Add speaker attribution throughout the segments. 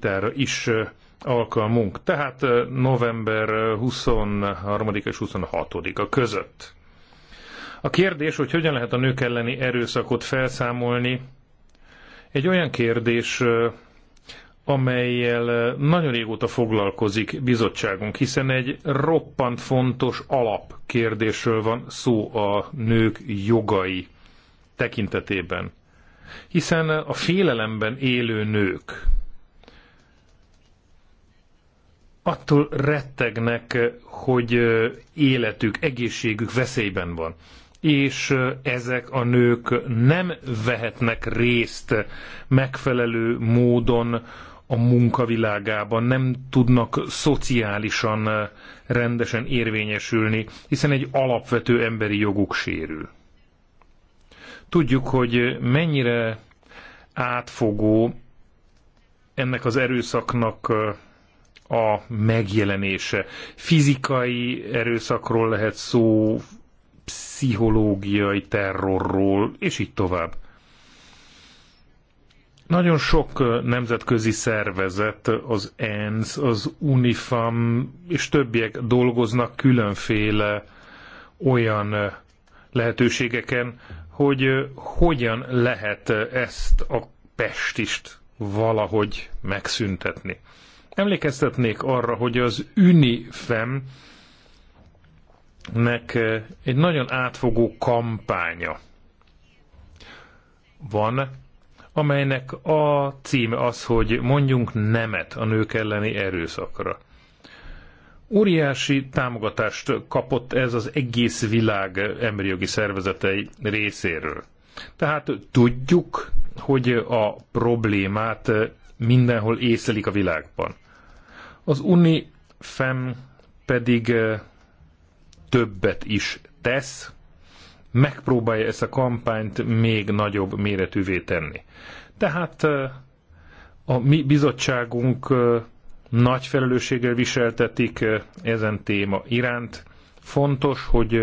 Speaker 1: vitára is alkalmunk, tehát november 23 és 26-a között. A kérdés, hogy hogyan lehet a nők elleni erőszakot felszámolni, egy olyan kérdés, amelyel nagyon régóta foglalkozik bizottságunk, hiszen egy roppant fontos alapkérdésről van szó a nők jogai tekintetében. Hiszen a félelemben élő nők, attól rettegnek, hogy életük, egészségük veszélyben van. És ezek a nők nem vehetnek részt megfelelő módon a munkavilágában, nem tudnak szociálisan rendesen érvényesülni, hiszen egy alapvető emberi joguk sérül. Tudjuk, hogy mennyire átfogó ennek az erőszaknak a megjelenése. Fizikai erőszakról lehet szó, pszichológiai terrorról, és így tovább. Nagyon sok nemzetközi szervezet, az ENSZ, az UNIFAM és többiek dolgoznak különféle olyan lehetőségeken, hogy hogyan lehet ezt a pestist valahogy megszüntetni. Emlékeztetnék arra, hogy az UNIFEM nek eh, egy nagyon átfogó kampánya van, amelynek a címe az, hogy mondjunk nemet a nők elleni erőszakra. Óriási támogatást kapott ez az egész világ emberi jogi szervezetei részéről. Tehát tudjuk, hogy a problémát eh, mindenhol észlelik a világban. Az UNIFEM pedig többet is tesz, megpróbálja ezt a kampányt még nagyobb méretűvé tenni. Tehát a mi bizottságunk nagy felelősséggel viseltetik ezen téma iránt. Fontos, hogy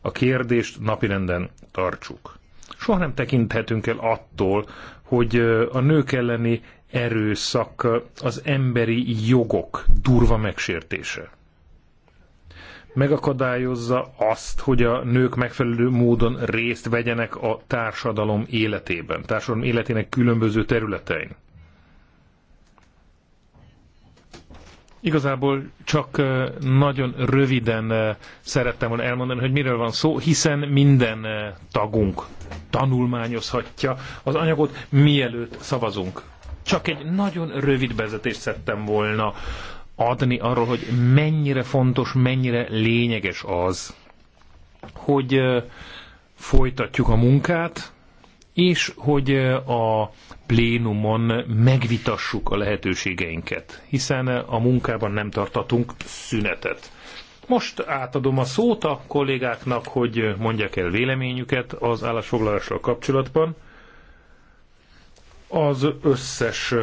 Speaker 1: a kérdést napirenden tartsuk. Soha nem tekinthetünk el attól, hogy a nők elleni erőszak, az emberi jogok durva megsértése. Megakadályozza azt, hogy a nők megfelelő módon részt vegyenek a társadalom életében, társadalom életének különböző területein. Igazából csak nagyon röviden szerettem volna elmondani, hogy miről van szó, hiszen minden tagunk tanulmányozhatja az anyagot, mielőtt szavazunk. Csak egy nagyon rövid vezetést szedtem volna adni arról, hogy mennyire fontos, mennyire lényeges az, hogy folytatjuk a munkát, és hogy a plénumon megvitassuk a lehetőségeinket, hiszen a munkában nem tartatunk szünetet. Most átadom a szót a kollégáknak, hogy mondják el véleményüket az állásfoglalással kapcsolatban az összes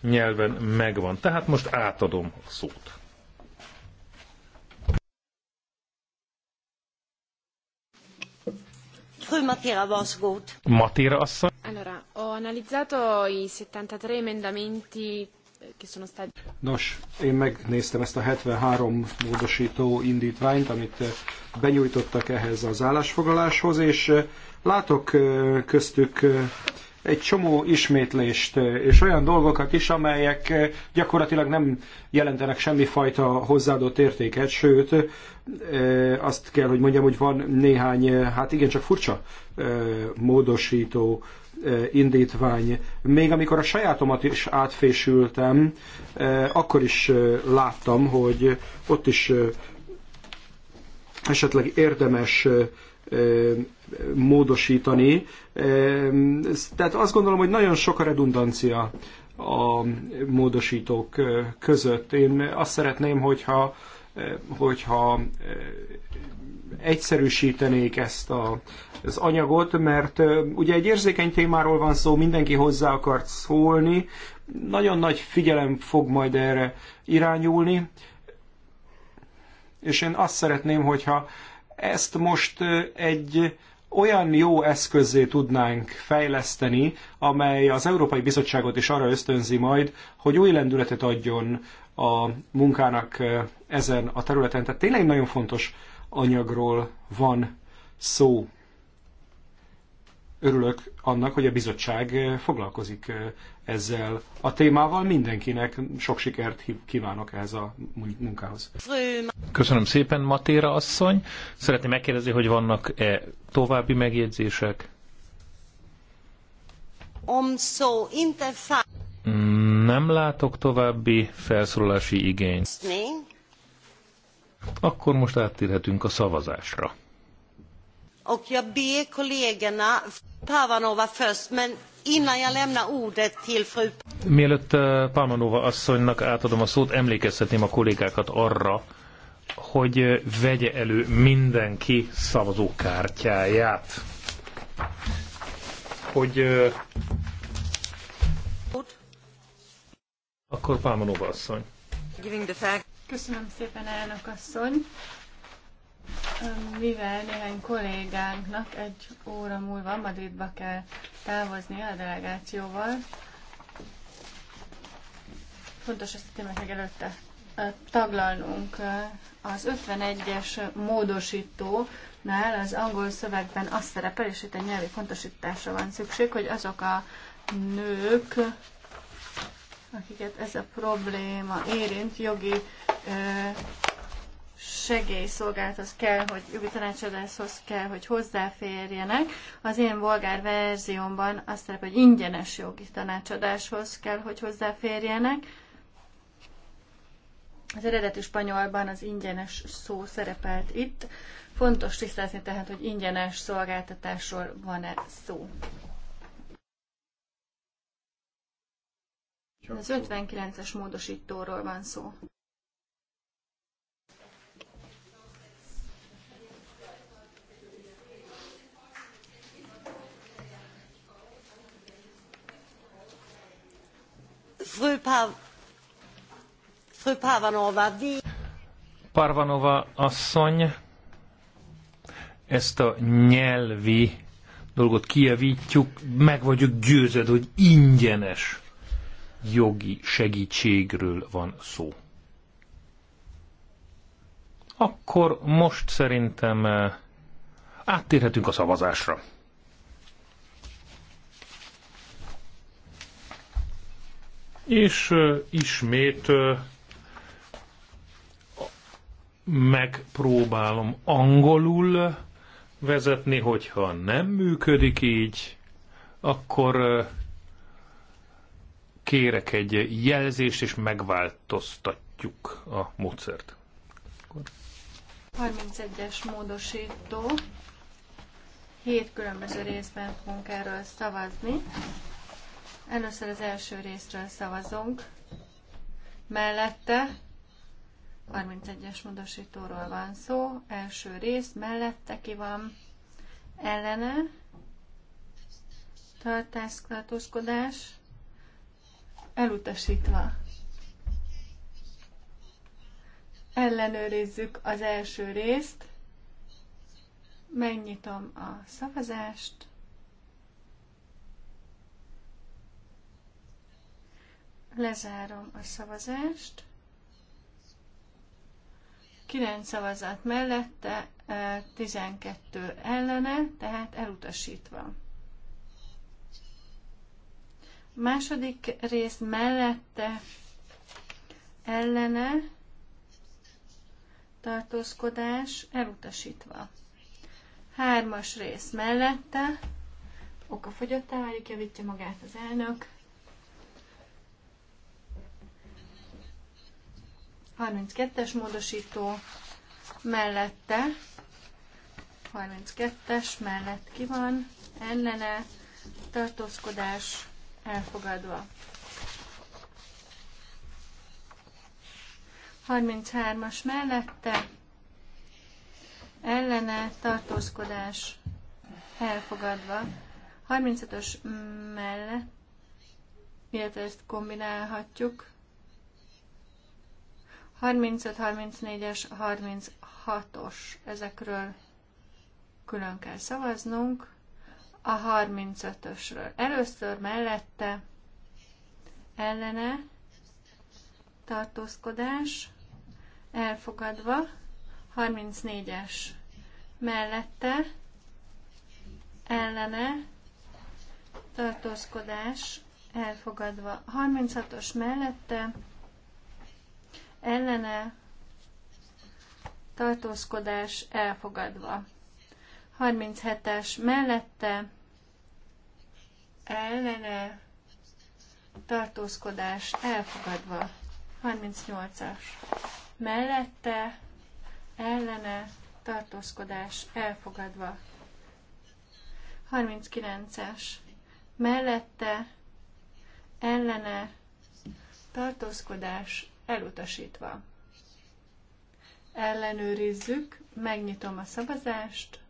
Speaker 1: nyelven megvan. Tehát most átadom a szót. Matéra asszony.
Speaker 2: Allora, ho analizzato i 73 emendamenti che sono stati...
Speaker 3: Nos, én megnéztem ezt a 73 módosító indítványt, amit benyújtottak ehhez az állásfoglaláshoz, és látok köztük egy csomó ismétlést, eh, és olyan dolgokat is, amelyek eh, gyakorlatilag nem jelentenek semmifajta hozzáadott értéket, sőt, eh, azt kell, hogy mondjam, hogy van néhány, hát igen, csak furcsa módosító indítvány. Még amikor a sajátomat is átfésültem, akkor is láttam, hogy ott is esetleg érdemes módosítani. Ehm, tehát azt gondolom, hogy nagyon sok a redundancia a módosítók között. Én azt szeretném, hogyha, hogyha egyszerűsítenék ezt a, az anyagot, mert ugye egy érzékeny témáról van szó, mindenki hozzá akart szólni, nagyon nagy figyelem fog majd erre irányulni, és én azt szeretném, hogyha ezt most egy olyan jó eszközzé tudnánk fejleszteni, amely az Európai Bizottságot is arra ösztönzi majd, hogy új lendületet adjon a munkának ezen a területen. Tehát tényleg nagyon fontos anyagról van szó örülök annak, hogy a bizottság eh, foglalkozik eh, ezzel a témával. Mindenkinek sok sikert kívánok ehhez a munkához.
Speaker 1: Köszönöm szépen, Matéra asszony. Szeretném megkérdezni, hogy vannak-e további megjegyzések? Um, Nem látok további felszólalási igényt. Akkor most áttérhetünk a szavazásra.
Speaker 4: Och jag ber kollegorna Pavanova först,
Speaker 2: men innan jag lämnar ordet till fru...
Speaker 1: Mielőtt eh, Pavanova asszonynak átadom a szót, emlékeztetném a kollégákat arra, hogy eh, vegye elő mindenki szavazókártyáját. Hogy... Eh, akkor Pálmanova asszony.
Speaker 2: Köszönöm szépen, elnök asszony. Mivel néhány kollégánknak egy óra múlva Madridba kell távozni a delegációval, fontos ezt a témát meg előtte taglalnunk. Az 51-es módosítónál az angol szövegben az szerepel, és itt egy nyelvi pontosításra van szükség, hogy azok a nők, akiket ez a probléma érint, jogi segélyszolgálathoz kell, hogy jogi tanácsadáshoz kell, hogy hozzáférjenek. Az én volgár verziómban azt szerep, hogy ingyenes jogi tanácsadáshoz kell, hogy hozzáférjenek. Az eredeti spanyolban az ingyenes szó szerepelt itt. Fontos tisztázni tehát, hogy ingyenes szolgáltatásról van-e szó. Az 59-es módosítóról van szó.
Speaker 4: Fru Parvanova, vi...
Speaker 1: Parvanova asszony, ezt a nyelvi dolgot kijavítjuk, meg vagyok győződve, hogy ingyenes jogi segítségről van szó. Akkor most szerintem eh, áttérhetünk a szavazásra. és ismét megpróbálom angolul vezetni, hogyha nem működik így, akkor kérek egy jelzést, és megváltoztatjuk a módszert.
Speaker 2: 31-es módosító. Hét különböző részben fogunk erről szavazni. Először az első részről szavazunk. Mellette 31-es módosítóról van szó. Első rész, mellette ki van ellene tartászkodás elutasítva. Ellenőrizzük az első részt. Megnyitom a szavazást. Lezárom a szavazást. 9 szavazat mellette, 12 ellene, tehát elutasítva. Második rész mellette, ellene, tartózkodás elutasítva. Hármas rész mellette, okafogyottá válik, javítja magát az elnök, 32-es módosító mellette, 32-es mellett ki van, ellene, tartózkodás elfogadva. 33-as mellette, ellene, tartózkodás elfogadva. 35-ös mellett, illetve ezt kombinálhatjuk, 35-34-es, 36-os, ezekről külön kell szavaznunk. A 35-ösről először mellette ellene tartózkodás elfogadva, 34-es mellette ellene tartózkodás elfogadva, 36-os mellette ellene tartózkodás elfogadva. 37-es mellette ellene tartózkodás elfogadva. 38-as mellette ellene tartózkodás elfogadva. 39-es mellette ellene tartózkodás elutasítva. Ellenőrizzük, megnyitom a szavazást.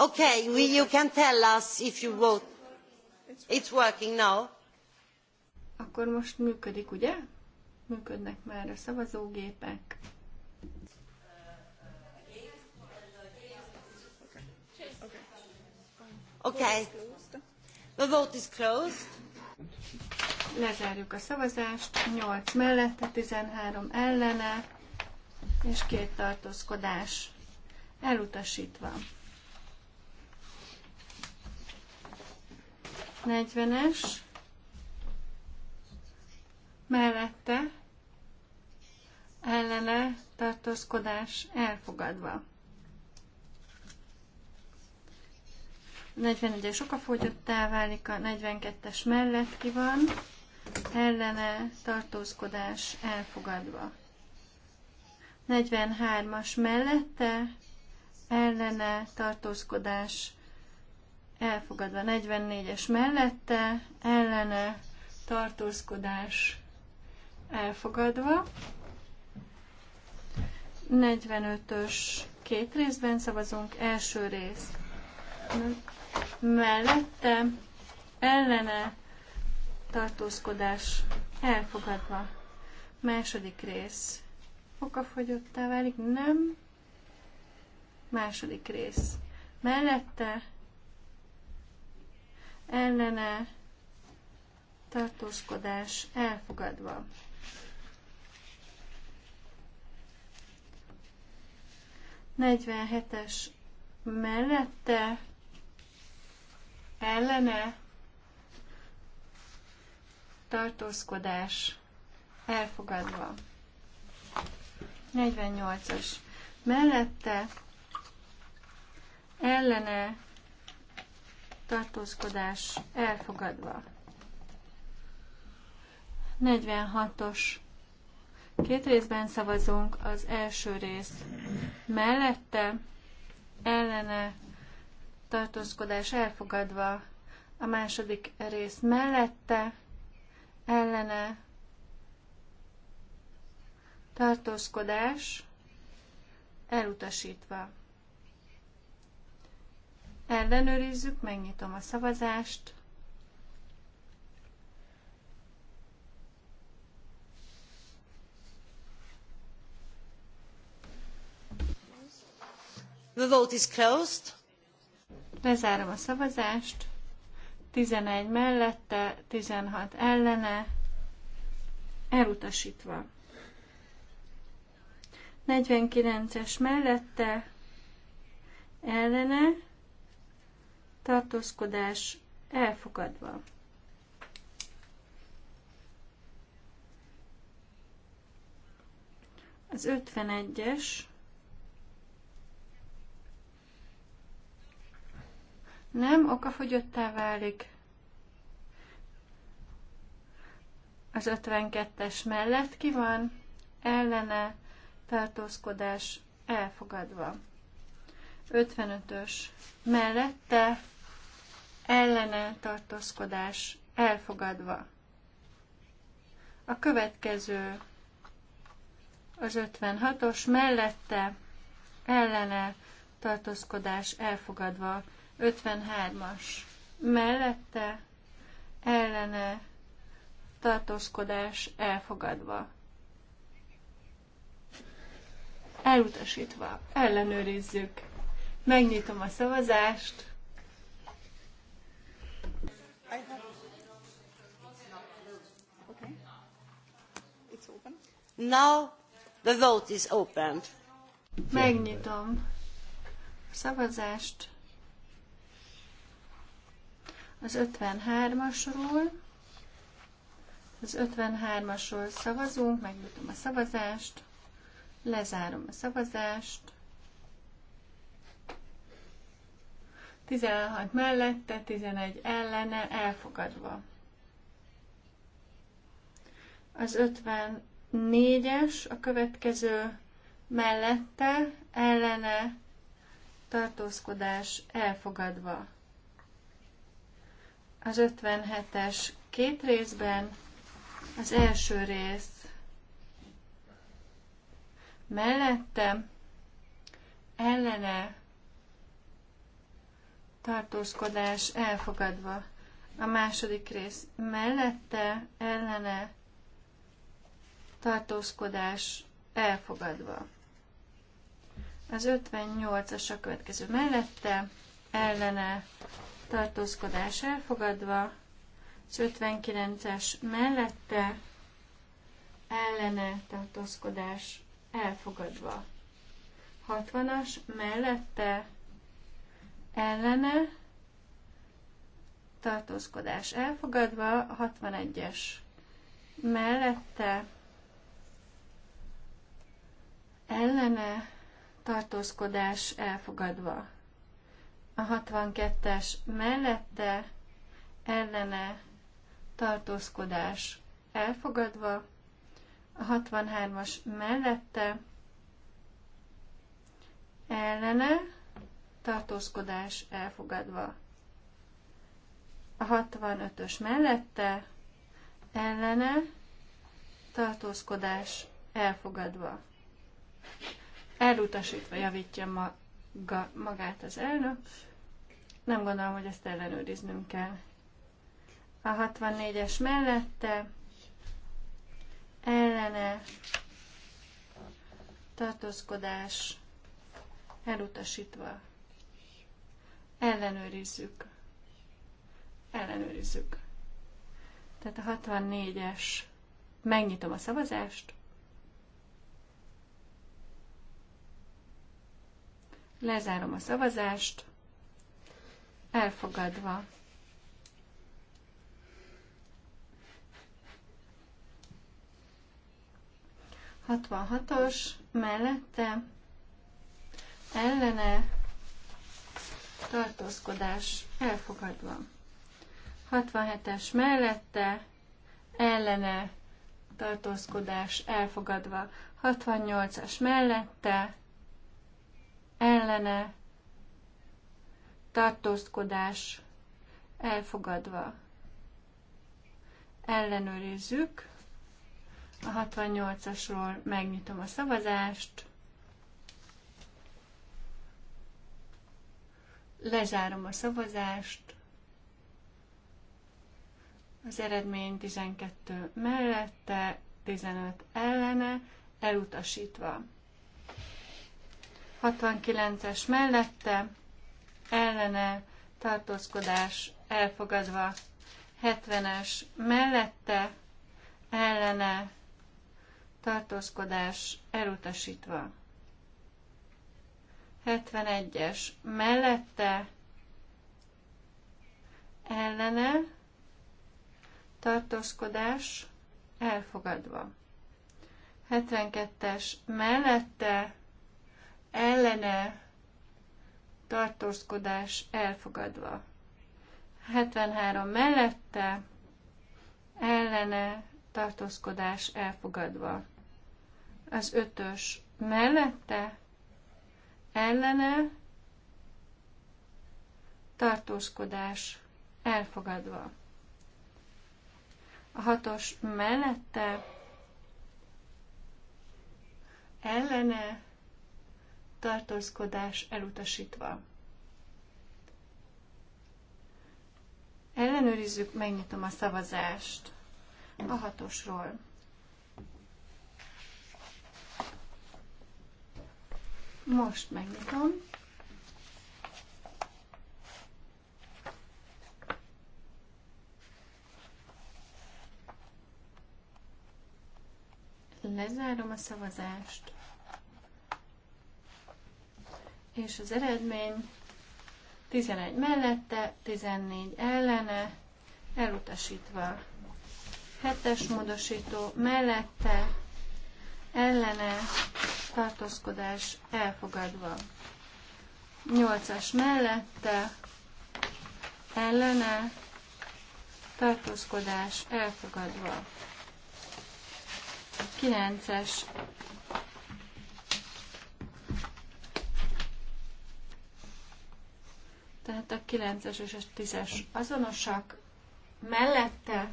Speaker 2: Okay, we, you can tell us if you vote. It's working now. Akkor most működik, ugye? Működnek már a szavazógépek. Okay. The vote is closed. Lezárjuk a szavazást. 8 mellette, 13 ellene, és két tartózkodás elutasítva. 40-es, mellette, ellene, tartózkodás elfogadva. 41-es sokafogyottá válik, a 42-es mellett ki van, ellene tartózkodás elfogadva. 43-as mellette ellene tartózkodás elfogadva. 44-es mellette ellene tartózkodás elfogadva. 45-ös két részben szavazunk, első rész mellette ellene tartózkodás elfogadva. Második rész. Okafogyottá válik, nem. Második rész. Mellette ellene tartózkodás elfogadva. Negyvenhetes mellette ellene tartózkodás elfogadva. 48-as mellette ellene tartózkodás elfogadva. 46-os Két részben szavazunk, az első rész mellette, ellene, tartózkodás elfogadva a második rész mellette, ellene tartózkodás elutasítva. Ellenőrizzük, megnyitom a szavazást. The vote is closed. Lezárom a szavazást. 11 mellette, 16 ellene, elutasítva. 49-es mellette, ellene, tartózkodás elfogadva. Az 51-es nem okafogyottá válik. Az 52-es mellett ki van, ellene tartózkodás elfogadva. 55-ös mellette ellene tartózkodás elfogadva. A következő az 56-os mellette ellene tartózkodás elfogadva. 53-as mellette ellene tartózkodás elfogadva. Elutasítva. Ellenőrizzük. Megnyitom a szavazást. Now the vote is opened. Megnyitom a szavazást. Az 53-asról. Az 53-asról szavazunk, megnyitom a szavazást, lezárom a szavazást. 16 mellette, 11 ellene, elfogadva. Az 54-es a következő mellette, ellene, tartózkodás elfogadva. Az 57-es két részben az első rész mellette ellene tartózkodás elfogadva. A második rész mellette ellene tartózkodás elfogadva. Az 58-as a következő mellette ellene tartózkodás elfogadva, az 59-es mellette ellene tartózkodás elfogadva. 60-as mellette ellene tartózkodás elfogadva, 61-es mellette ellene tartózkodás elfogadva a 62-es mellette ellene tartózkodás elfogadva, a 63-as mellette ellene tartózkodás elfogadva, a 65-ös mellette ellene tartózkodás elfogadva. Elutasítva javítja maga, magát az elnök, nem gondolom, hogy ezt ellenőriznünk kell. A 64-es mellette ellene tartózkodás elutasítva. Ellenőrizzük. Ellenőrizzük. Tehát a 64-es. Megnyitom a szavazást. Lezárom a szavazást elfogadva. Hatvanhatos mellette ellene tartózkodás elfogadva. 67-es mellette ellene tartózkodás elfogadva. 68-as mellette ellene tartózkodás elfogadva. Ellenőrizzük. A 68-asról megnyitom a szavazást. Lezárom a szavazást. Az eredmény 12 mellette, 15 ellene, elutasítva. 69-es mellette, ellene tartózkodás elfogadva, 70-es mellette ellene tartózkodás elutasítva. 71-es mellette ellene tartózkodás elfogadva. 72-es mellette ellene tartózkodás elfogadva. 73 mellette, ellene, tartózkodás elfogadva. Az ötös mellette, ellene, tartózkodás elfogadva. A hatos mellette, ellene, tartózkodás elutasítva. Ellenőrizzük, megnyitom a szavazást a hatosról. Most megnyitom. Lezárom a szavazást és az eredmény 11 mellette, 14 ellene, elutasítva. 7-es módosító mellette, ellene, tartózkodás elfogadva. 8-as mellette, ellene, tartózkodás elfogadva. 9-es 9-es és a 10-es azonosak, mellette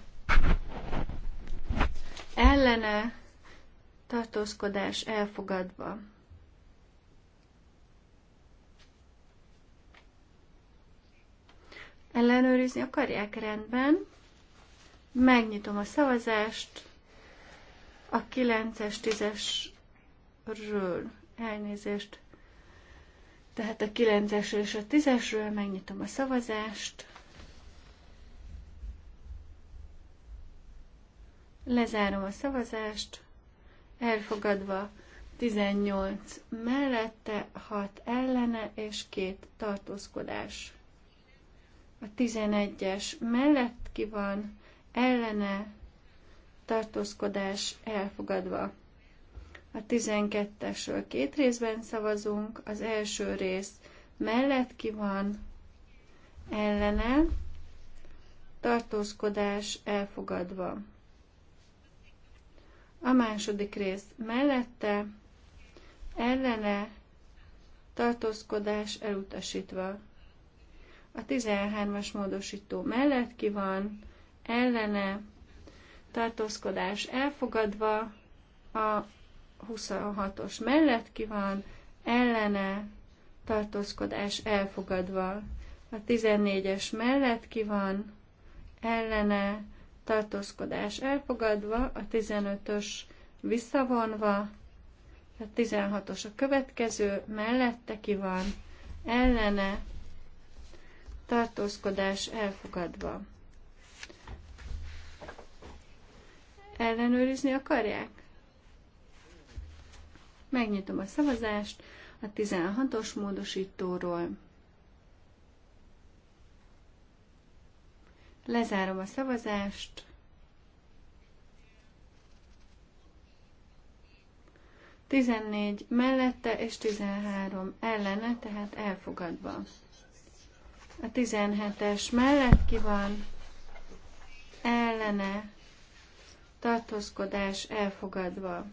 Speaker 2: ellene tartózkodás elfogadva. Ellenőrizni akarják rendben. Megnyitom a szavazást a 9-es, 10-esről elnézést tehát a 9-esről és a 10-esről megnyitom a szavazást. Lezárom a szavazást. Elfogadva 18 mellette, 6 ellene és 2 tartózkodás. A 11-es mellett ki van, ellene tartózkodás elfogadva. A 12-esről két részben szavazunk, az első rész mellett ki van, ellene, tartózkodás elfogadva. A második rész mellette, ellene, tartózkodás elutasítva. A 13-as módosító mellett ki van, ellene, tartózkodás elfogadva, a 26-os mellett ki van, ellene tartózkodás elfogadva. A 14-es mellett ki van, ellene tartózkodás elfogadva, a 15-ös visszavonva, a 16-os a következő, mellette ki van, ellene tartózkodás elfogadva. Ellenőrizni akarják? Megnyitom a szavazást a 16-os módosítóról. Lezárom a szavazást. 14 mellette és 13 ellene, tehát elfogadva. A 17-es mellett ki van, ellene, tartózkodás elfogadva.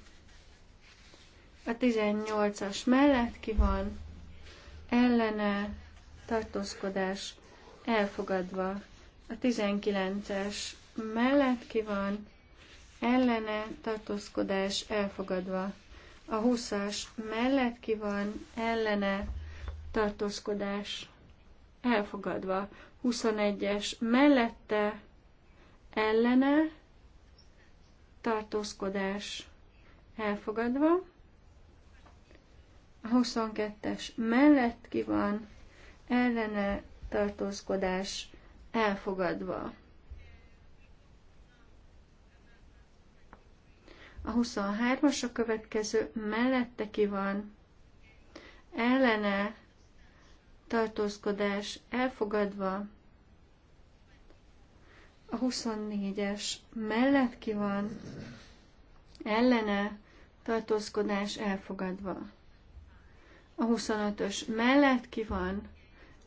Speaker 2: A 18-as mellett ki van ellene tartózkodás elfogadva. A 19-es mellett ki van ellene tartózkodás elfogadva. A 20-as mellett ki van ellene tartózkodás elfogadva. 21-es mellette ellene tartózkodás elfogadva. A 22-es mellett ki van, ellene tartózkodás elfogadva. A 23-as a következő mellette ki van, ellene tartózkodás elfogadva. A 24-es mellett ki van, ellene tartózkodás elfogadva. A 25-ös mellett ki van,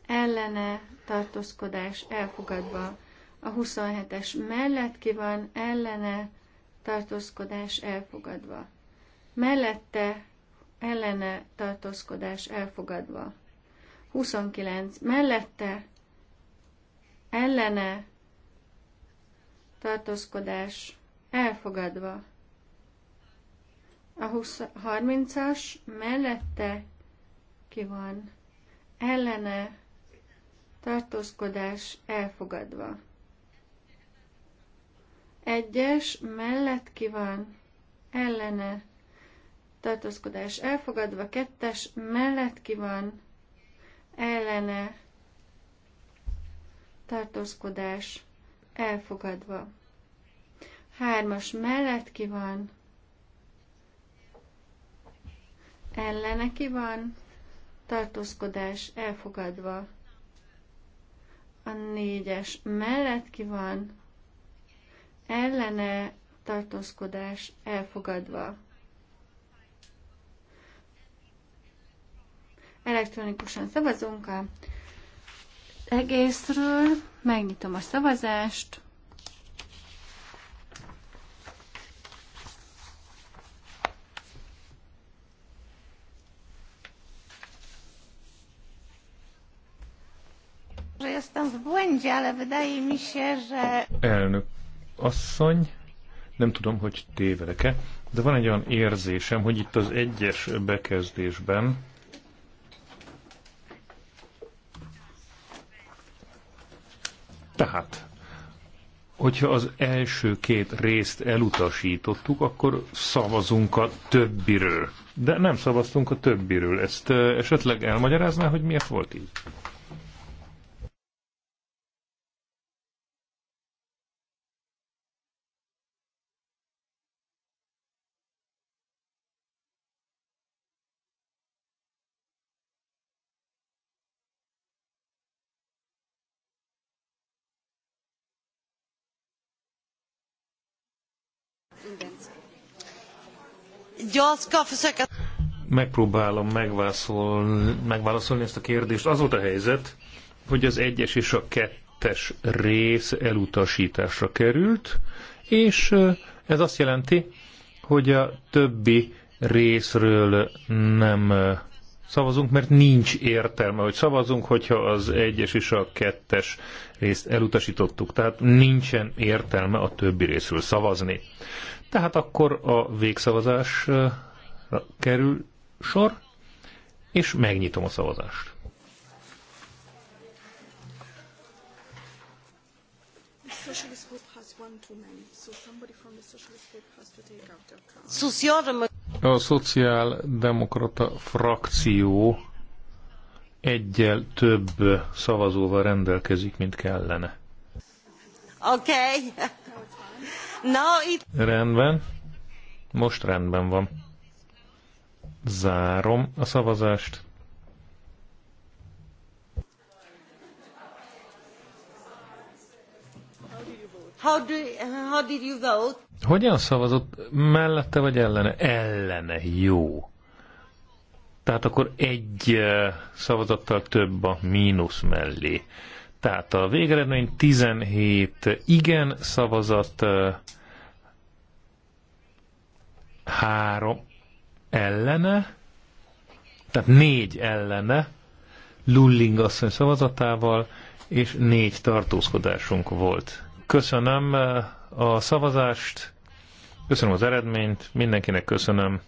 Speaker 2: ellene tartózkodás elfogadva. A 27-es mellett ki van, ellene tartózkodás elfogadva. Mellette ellene tartózkodás elfogadva. 29. Mellette ellene tartózkodás elfogadva. A 30-as mellette ki van ellene, tartózkodás elfogadva. Egyes mellett ki van ellene, tartózkodás elfogadva, kettes mellett ki van ellene, tartózkodás elfogadva. Hármas mellett ki van, ellene ki van, tartózkodás elfogadva. A négyes mellett ki van, ellene tartózkodás elfogadva. Elektronikusan szavazunk a egészről, megnyitom a szavazást. błędzie, ale wydaje mi się,
Speaker 4: że...
Speaker 1: Elnök asszony, nem tudom, hogy tévedek-e, de van egy olyan érzésem, hogy itt az egyes bekezdésben Tehát, hogyha az első két részt elutasítottuk, akkor szavazunk a többiről. De nem szavaztunk a többiről. Ezt esetleg elmagyarázná, hogy miért volt így? Megpróbálom megválaszolni ezt a kérdést. Az volt a helyzet, hogy az egyes és a kettes rész elutasításra került, és ez azt jelenti, hogy a többi részről nem szavazunk, mert nincs értelme, hogy szavazunk, hogyha az egyes és a kettes részt elutasítottuk. Tehát nincsen értelme a többi részről szavazni. Tehát akkor a végszavazásra kerül sor, és megnyitom a szavazást. A szociáldemokrata frakció egyel több szavazóval rendelkezik, mint kellene.
Speaker 4: Okay.
Speaker 1: Rendben. Most rendben van. Zárom a szavazást.
Speaker 4: How, do, how did you vote?
Speaker 1: Hogyan szavazott? Mellette vagy ellene? Ellene. Jó. Tehát akkor egy eh, szavazattal több a mínusz mellé. Tehát a végeredmény 17 igen szavazat, 3 ellene, tehát 4 ellene Lulling asszony szavazatával, és 4 tartózkodásunk volt. Köszönöm a szavazást, köszönöm az eredményt, mindenkinek köszönöm.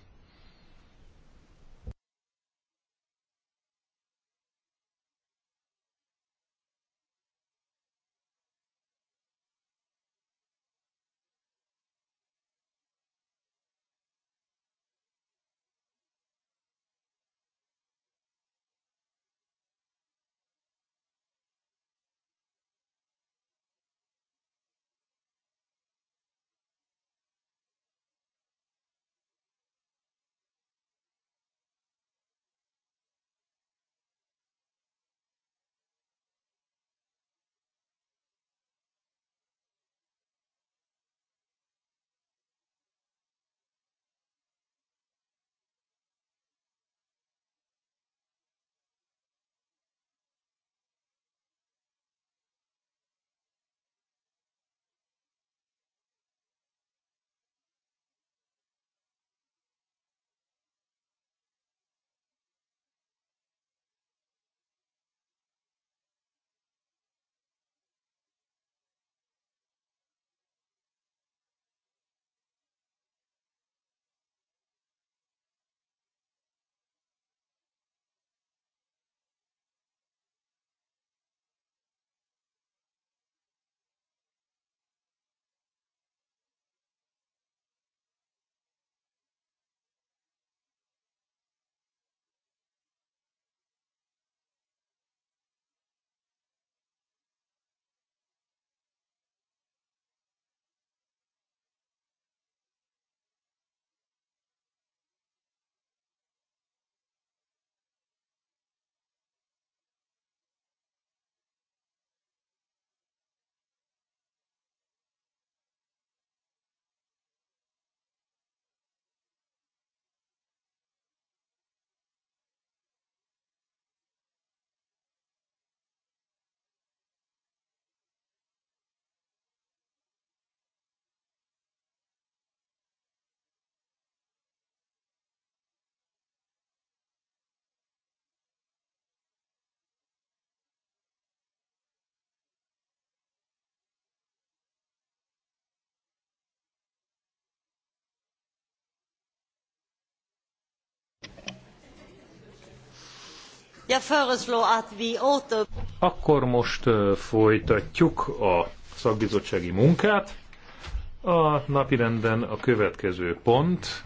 Speaker 1: Akkor most folytatjuk a szakbizottsági munkát. A napirenden a következő pont.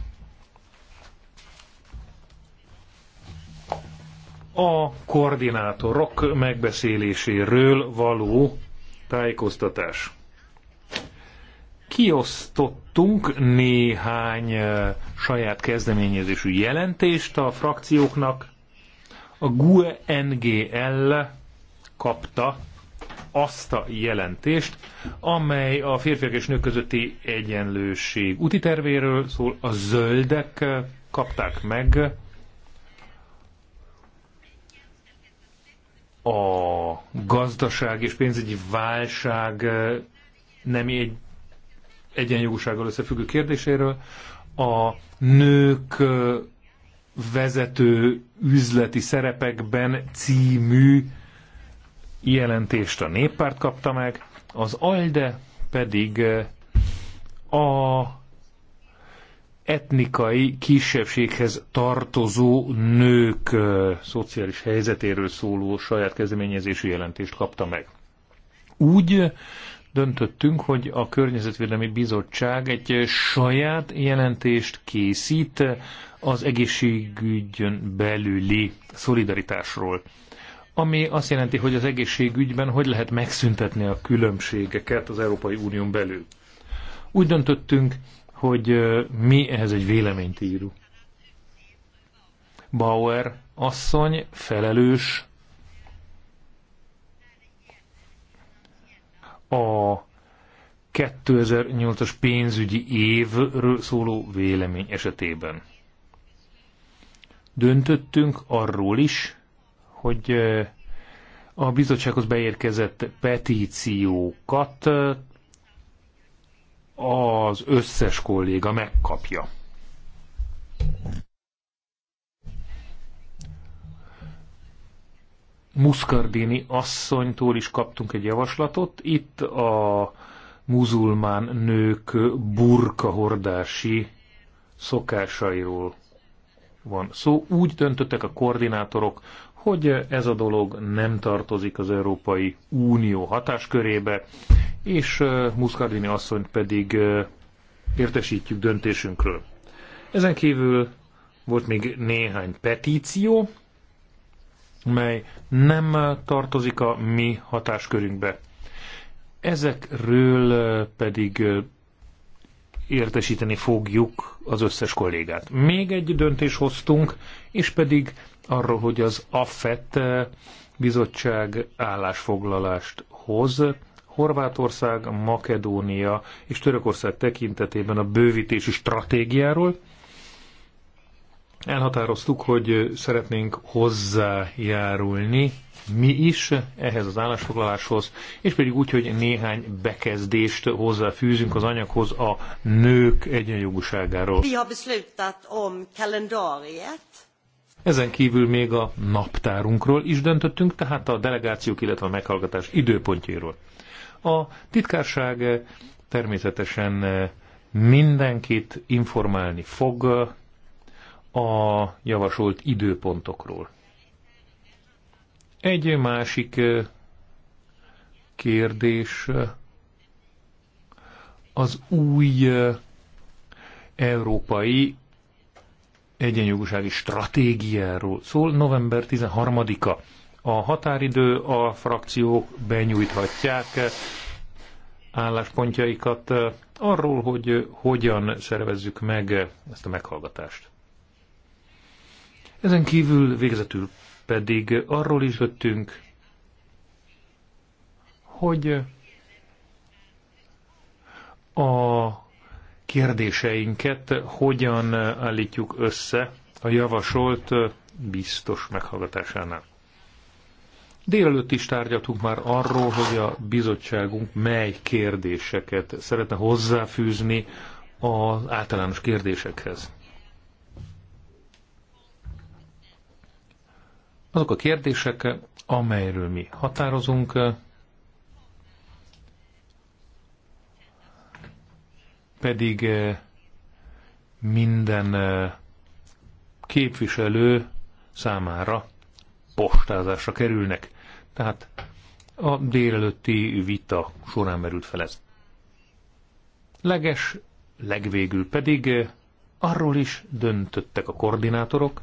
Speaker 1: A koordinátorok megbeszéléséről való tájékoztatás. Kiosztottunk néhány saját kezdeményezésű jelentést a frakcióknak, a GUE NGL kapta azt a jelentést, amely a férfiak és nők közötti egyenlőség úti tervéről szól. A zöldek kapták meg a gazdaság és pénzügyi válság nem egy egyenjogúsággal összefüggő kérdéséről, a nők vezető üzleti szerepekben című jelentést a néppárt kapta meg, az ALDE pedig eh, a etnikai kisebbséghez tartozó nők eh, szociális helyzetéről szóló saját kezdeményezésű jelentést kapta meg. Úgy eh, döntöttünk, hogy a Környezetvédelmi Bizottság egy saját jelentést készít az egészségügyön belüli szolidaritásról, ami azt jelenti, hogy az egészségügyben hogy lehet megszüntetni a különbségeket az Európai Unión belül. Úgy döntöttünk, hogy mi ehhez egy véleményt írunk. Bauer asszony felelős a 2008-as pénzügyi évről szóló vélemény esetében döntöttünk arról is, hogy a bizottsághoz beérkezett petíciókat az összes kolléga megkapja. Muscardini asszonytól is kaptunk egy javaslatot. Itt a muzulmán nők burka hordási szokásairól van szó. Úgy döntöttek a koordinátorok, hogy ez a dolog nem tartozik az Európai Unió hatáskörébe, és Muscardini asszonyt pedig értesítjük döntésünkről. Ezen kívül volt még néhány petíció, mely nem tartozik a mi hatáskörünkbe. Ezekről pedig értesíteni fogjuk az összes kollégát. Még egy döntés hoztunk, és pedig arról, hogy az AFET eh, bizottság állásfoglalást hoz Horvátország, Makedónia és Törökország tekintetében a bővítési stratégiáról, elhatároztuk, hogy szeretnénk hozzájárulni mi is ehhez az állásfoglaláshoz, és pedig úgy, hogy néhány bekezdést hozzáfűzünk az anyaghoz a nők egyenjogúságáról. Ezen kívül még a naptárunkról is döntöttünk, tehát a delegációk, illetve a meghallgatás időpontjéről. A titkárság természetesen mindenkit informálni fog a javasolt időpontokról. Egy másik kérdés az új európai egyenjogúsági stratégiáról szól. November 13-a a határidő, a frakciók benyújthatják álláspontjaikat arról, hogy hogyan szervezzük meg ezt a meghallgatást. Ezen kívül végezetül pedig arról is jöttünk, hogy a kérdéseinket hogyan állítjuk össze a javasolt biztos meghallgatásánál. Délelőtt is tárgyaltunk már arról, hogy a bizottságunk mely kérdéseket szeretne hozzáfűzni az általános kérdésekhez. Azok a kérdések, amelyről mi határozunk, pedig eh, minden eh, képviselő számára postázásra kerülnek. Tehát a délelőtti vita során merült fel ez. Leges, legvégül pedig eh, arról is döntöttek a koordinátorok,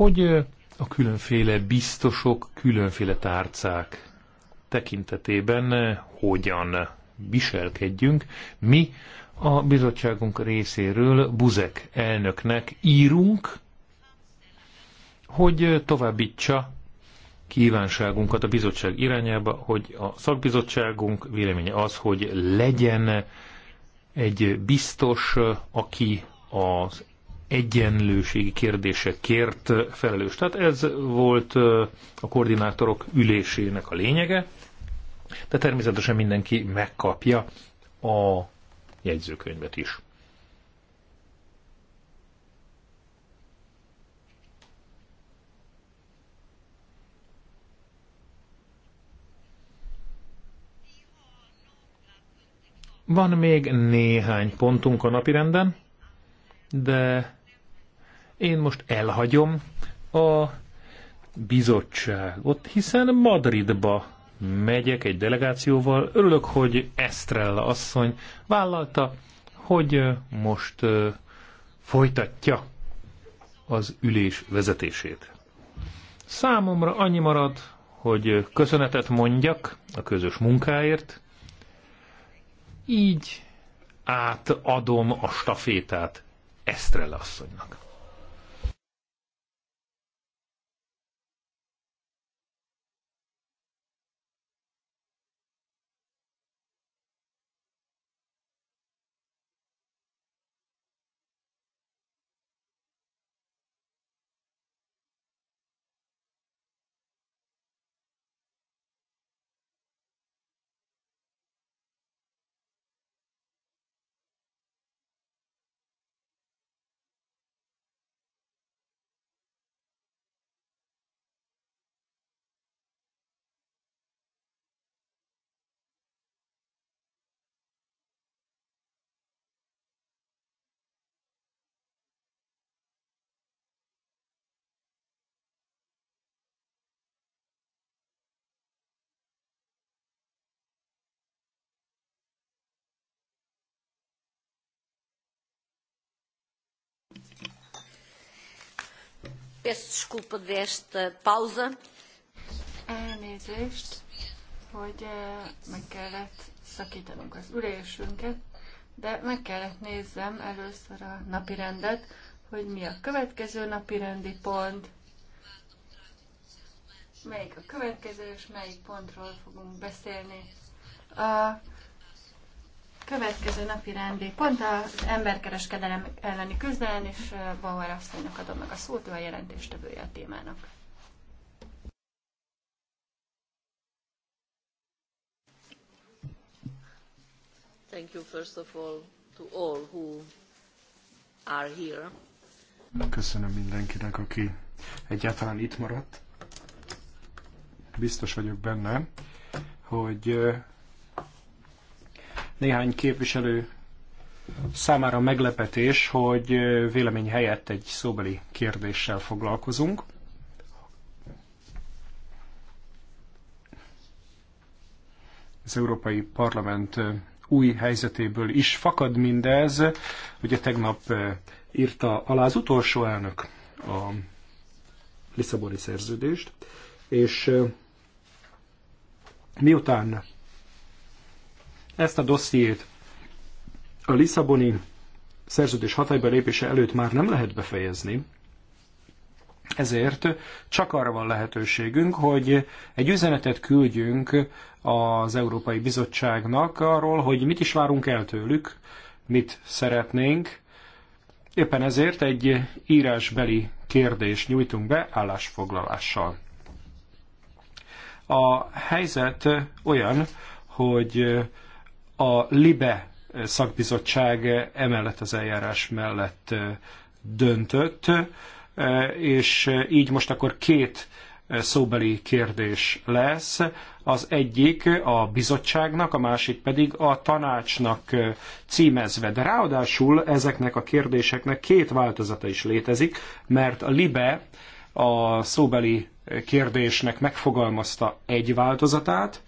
Speaker 1: hogy a különféle biztosok, különféle tárcák tekintetében hogyan viselkedjünk. Mi a bizottságunk részéről Buzek elnöknek írunk, hogy továbbítsa kívánságunkat a bizottság irányába, hogy a szakbizottságunk véleménye az, hogy legyen egy biztos, aki az egyenlőségi kérdésekért felelős. Tehát ez volt a koordinátorok ülésének a lényege, de természetesen mindenki megkapja a jegyzőkönyvet is. Van még néhány pontunk a napirenden, de én most elhagyom a bizottságot, hiszen Madridba megyek egy delegációval. Örülök, hogy Estrella asszony vállalta, hogy most folytatja az ülés vezetését. Számomra annyi marad, hogy köszönetet mondjak a közös munkáért, így átadom a stafétát Esztrel asszonynak.
Speaker 4: Peço desculpa desta pausa. Elnézést,
Speaker 2: hogy eh, meg kellett szakítanunk az ülésünket, de meg kellett nézzem először a napirendet, hogy mi a következő napirendi pont, melyik a következő, és melyik pontról fogunk beszélni. A következő napi rendi pont az emberkereskedelem elleni küzdelem, és Bauer asszonynak adom meg a szót, ő a jelentéstevője a témának.
Speaker 4: Thank you first of all to all who are here.
Speaker 3: Köszönöm mindenkinek, aki egyáltalán itt maradt. Biztos vagyok benne, hogy néhány képviselő számára meglepetés, hogy vélemény helyett egy szóbeli kérdéssel foglalkozunk. Az Európai Parlament új helyzetéből is fakad mindez. Ugye tegnap írta alá az utolsó elnök a Lisszaboni szerződést, és miután ezt a dossziét a Lisszaboni szerződés hatályba lépése előtt már nem lehet befejezni, ezért csak arra van lehetőségünk, hogy egy üzenetet küldjünk az Európai Bizottságnak arról, hogy mit is várunk el tőlük, mit szeretnénk. Éppen ezért egy írásbeli kérdést nyújtunk be állásfoglalással. A helyzet olyan, hogy a LIBE szakbizottság emellett az eljárás mellett döntött, és így most akkor két szóbeli kérdés lesz. Az egyik a bizottságnak, a másik pedig a tanácsnak címezve. De ráadásul ezeknek a kérdéseknek két változata is létezik, mert a LIBE a szóbeli kérdésnek megfogalmazta egy változatát,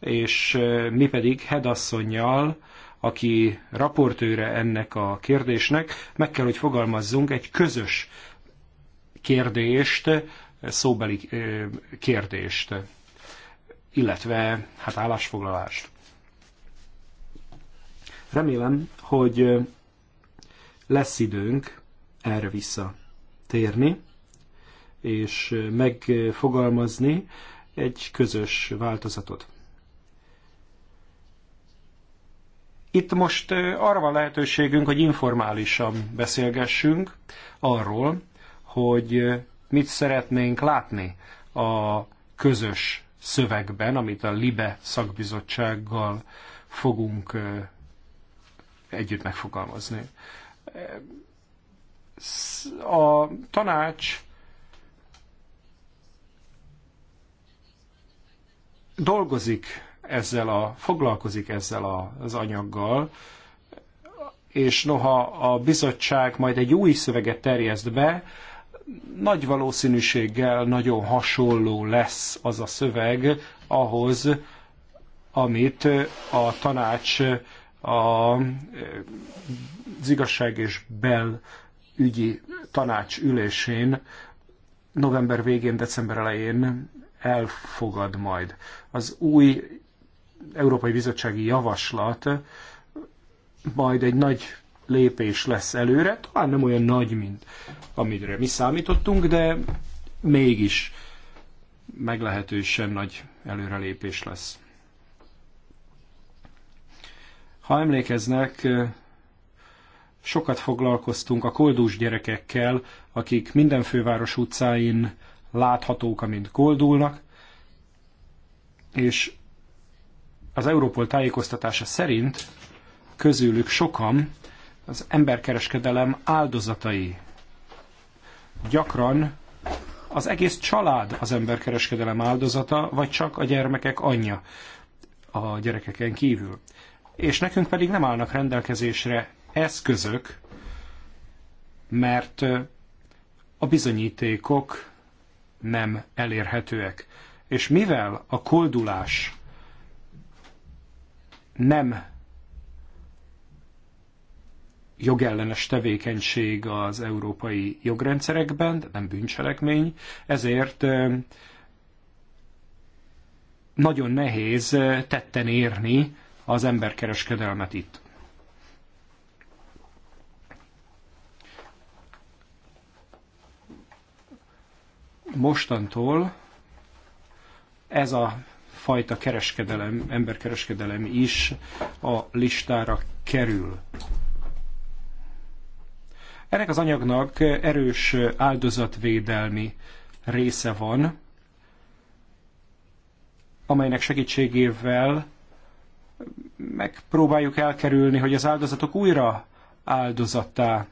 Speaker 3: és mi pedig Hedasszonyjal, aki raportőre ennek a kérdésnek, meg kell, hogy fogalmazzunk egy közös kérdést, szóbeli kérdést, illetve hát állásfoglalást. Remélem, hogy lesz időnk erre vissza térni, és megfogalmazni egy közös változatot. Itt most arra van lehetőségünk, hogy informálisan beszélgessünk arról, hogy mit szeretnénk látni a közös szövegben, amit a LIBE szakbizottsággal fogunk együtt megfogalmazni. A tanács dolgozik ezzel a, foglalkozik ezzel a, az anyaggal, és noha a bizottság majd egy új szöveget terjeszt be, nagy valószínűséggel nagyon hasonló lesz az a szöveg ahhoz, amit a tanács a, az igazság és bel ügyi tanács ülésén november végén, december elején elfogad majd. Az új Európai Bizottsági Javaslat majd egy nagy lépés lesz előre, talán nem olyan nagy, mint amire mi számítottunk, de mégis meglehetősen nagy előrelépés lesz. Ha emlékeznek, sokat foglalkoztunk a koldús gyerekekkel, akik minden főváros utcáin láthatók, amint koldulnak, és az Európol tájékoztatása szerint közülük sokan az emberkereskedelem áldozatai. Gyakran az egész család az emberkereskedelem áldozata, vagy csak a gyermekek anyja a gyerekeken kívül. És nekünk pedig nem állnak rendelkezésre eszközök, mert a bizonyítékok nem elérhetőek. És mivel a koldulás nem jogellenes tevékenység az európai jogrendszerekben, nem bűncselekmény, ezért nagyon nehéz tetten érni az emberkereskedelmet itt. Mostantól ez a fajta kereskedelem, emberkereskedelem is a listára kerül. Ennek az anyagnak erős áldozatvédelmi része van, amelynek segítségével megpróbáljuk elkerülni, hogy az áldozatok újra áldozattá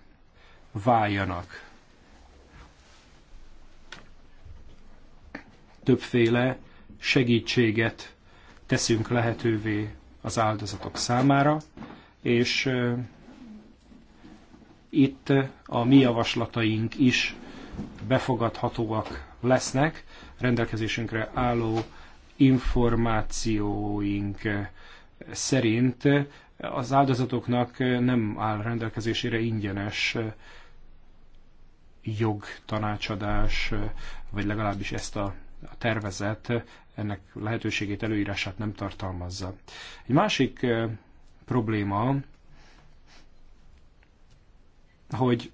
Speaker 3: váljanak. Többféle segítséget teszünk lehetővé az áldozatok számára, és itt a mi javaslataink is befogadhatóak lesznek, rendelkezésünkre álló információink szerint az áldozatoknak nem áll rendelkezésére ingyenes jogtanácsadás, vagy legalábbis ezt a tervezet ennek lehetőségét, előírását nem tartalmazza. Egy másik probléma, hogy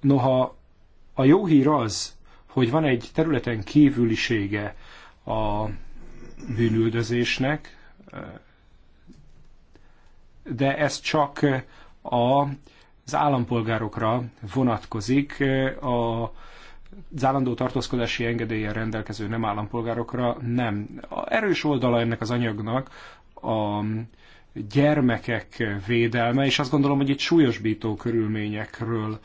Speaker 3: noha a jó hír az, hogy van egy területen kívülisége a bűnüldözésnek, de ez csak a, az állampolgárokra vonatkozik, a az állandó tartózkodási engedéllyel rendelkező nem állampolgárokra nem. A erős oldala ennek az anyagnak a gyermekek védelme, és azt gondolom, hogy itt súlyosbító körülményekről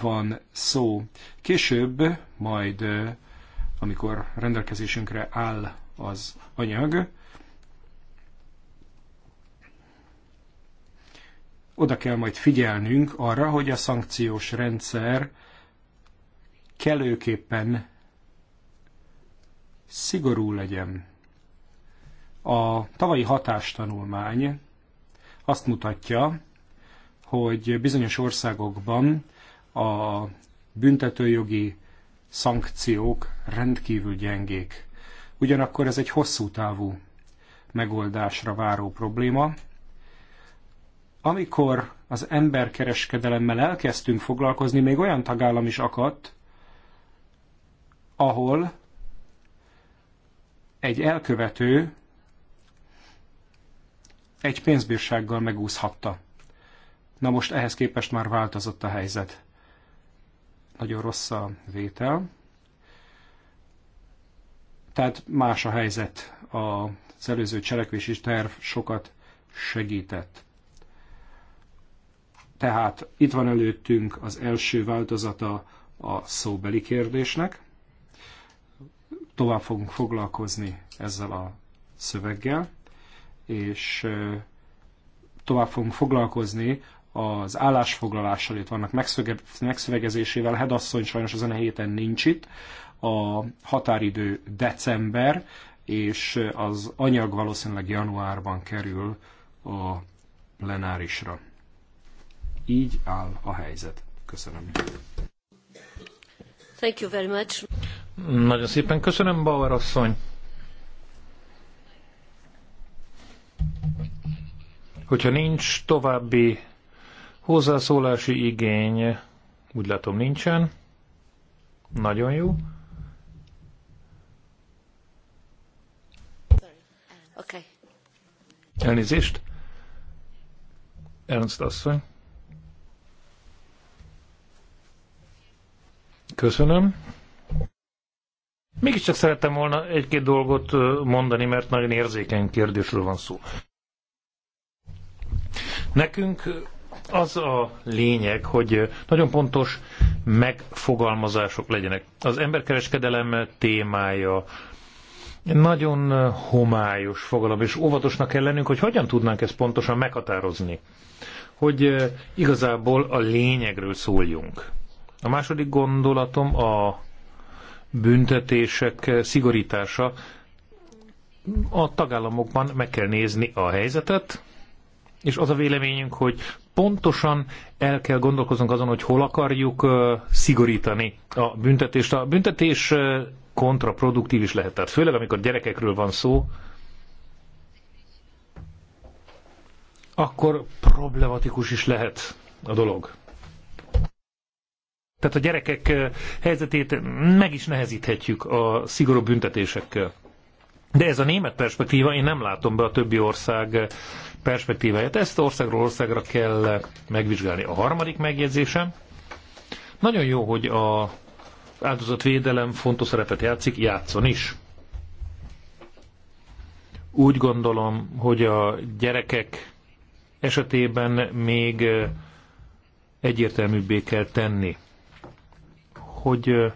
Speaker 3: van szó. Később, majd amikor rendelkezésünkre áll az anyag, oda kell majd figyelnünk arra, hogy a szankciós rendszer kellőképpen szigorú legyen. A tavalyi hatástanulmány azt mutatja, hogy bizonyos országokban a büntetőjogi szankciók rendkívül gyengék. Ugyanakkor ez egy hosszú távú megoldásra váró probléma. Amikor az emberkereskedelemmel elkezdtünk foglalkozni, még olyan tagállam is akadt, ahol egy elkövető egy pénzbírsággal megúszhatta. Na most ehhez képest már változott a helyzet. Nagyon rossz a vétel. Tehát más a helyzet. Az előző cselekvési terv sokat segített. Tehát itt van előttünk az első változata a szóbeli kérdésnek tovább fogunk foglalkozni ezzel a szöveggel, és tovább fogunk foglalkozni az állásfoglalással, itt vannak megszövegezésével. Hedasszony sajnos ezen a héten nincs itt. A határidő december, és az anyag valószínűleg januárban kerül a plenárisra. Így áll a helyzet. Köszönöm.
Speaker 4: Thank you very much. Nagyon szépen
Speaker 1: köszönöm, Bauer asszony. Hogyha nincs további hozzászólási igény, úgy látom nincsen. Nagyon jó. Okay. Elnézést. Ernst asszony. Köszönöm. Mégiscsak szerettem volna egy-két dolgot mondani, mert nagyon érzékeny kérdésről van szó. Nekünk az a lényeg, hogy nagyon pontos megfogalmazások legyenek. Az emberkereskedelem témája nagyon homályos fogalom, és óvatosnak kell lennünk, hogy hogyan tudnánk ezt pontosan meghatározni. Hogy igazából a lényegről szóljunk. A második gondolatom a büntetések szigorítása. A tagállamokban meg kell nézni a helyzetet, és az a véleményünk, hogy pontosan el kell gondolkoznunk azon, hogy hol akarjuk szigorítani a büntetést. A büntetés kontraproduktív is lehet, tehát főleg amikor gyerekekről van szó, akkor problematikus is lehet a dolog tehát a gyerekek helyzetét meg is nehezíthetjük a szigorú büntetésekkel. De ez a német perspektíva, én nem látom be a többi ország perspektíváját. Ezt országról országra kell megvizsgálni. A harmadik megjegyzésem, nagyon jó, hogy a áldozatvédelem fontos szerepet játszik, játszon is. Úgy gondolom, hogy a gyerekek esetében még egyértelműbbé kell tenni hogy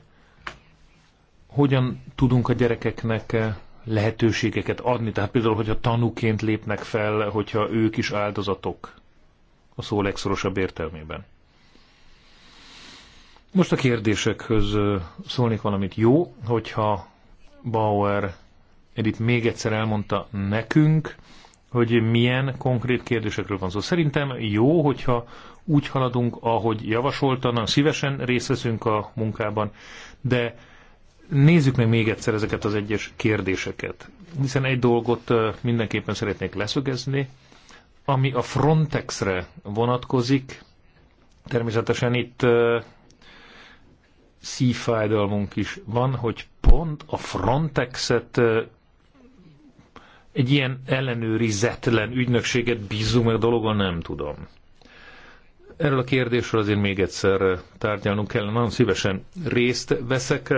Speaker 1: hogyan tudunk a gyerekeknek lehetőségeket adni, tehát például, hogyha tanúként lépnek fel, hogyha ők is áldozatok a szó legszorosabb értelmében. Most a kérdésekhöz szólnék valamit. Jó, hogyha Bauer Edith még egyszer elmondta nekünk, hogy milyen konkrét kérdésekről van szó. Szerintem jó, hogyha úgy haladunk, ahogy javasoltan, szívesen részt veszünk a munkában, de nézzük meg még egyszer ezeket az egyes kérdéseket. Hiszen egy dolgot mindenképpen szeretnék leszögezni, ami a Frontexre vonatkozik. Természetesen itt szívfájdalmunk is van, hogy pont a Frontexet egy ilyen ellenőrizetlen ügynökséget bízunk meg a dologon, nem tudom. Erről a kérdésről azért még egyszer tárgyalnunk kell, Nagyon szívesen részt veszek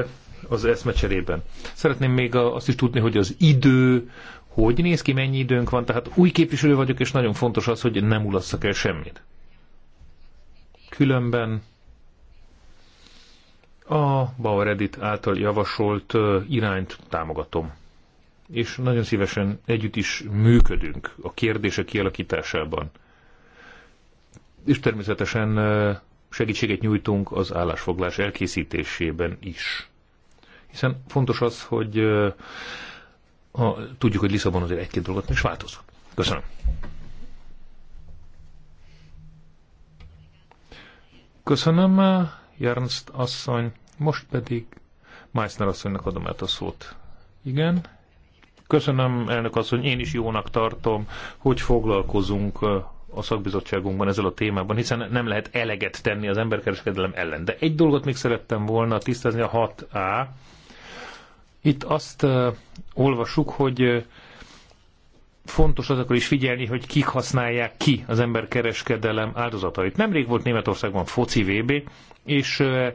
Speaker 1: az eszmecserében. Szeretném még azt is tudni, hogy az idő hogy néz ki, mennyi időnk van. Tehát új képviselő vagyok, és nagyon fontos az, hogy nem ulasszak el semmit. Különben a Bauer Edit által javasolt irányt támogatom. És nagyon szívesen együtt is működünk a kérdések kialakításában és természetesen segítséget nyújtunk az állásfoglás elkészítésében is. Hiszen fontos az, hogy ha tudjuk, hogy Lisszabon azért egy-két dolgot is változott. Köszönöm. Köszönöm, Jernst asszony. Most pedig Meissner asszonynak adom át a szót. Igen. Köszönöm, elnök asszony, én is jónak tartom, hogy foglalkozunk a szakbizottságunkban ezzel a témában, hiszen nem lehet eleget tenni az emberkereskedelem ellen. De egy dolgot még szerettem volna tisztázni, a 6A. Itt azt uh, olvasuk, hogy uh, fontos azokra is figyelni, hogy kik használják ki az emberkereskedelem áldozatait. Nemrég volt Németországban foci VB, és uh,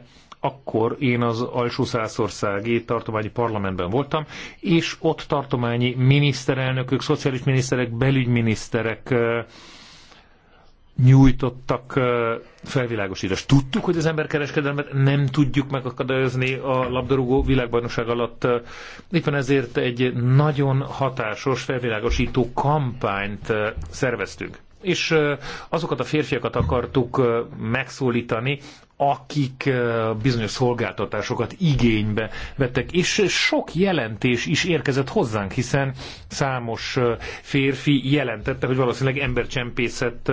Speaker 1: akkor én az alsó szászországi tartományi parlamentben voltam, és ott tartományi miniszterelnökök, szociális miniszterek, belügyminiszterek nyújtottak felvilágosítást. Tudtuk, hogy az emberkereskedelmet nem tudjuk megakadályozni a labdarúgó világbajnokság alatt. Éppen ezért egy nagyon hatásos felvilágosító kampányt szerveztünk. És azokat a férfiakat akartuk megszólítani, akik bizonyos szolgáltatásokat igénybe vettek, és sok jelentés is érkezett hozzánk, hiszen számos férfi jelentette, hogy valószínűleg embercsempészet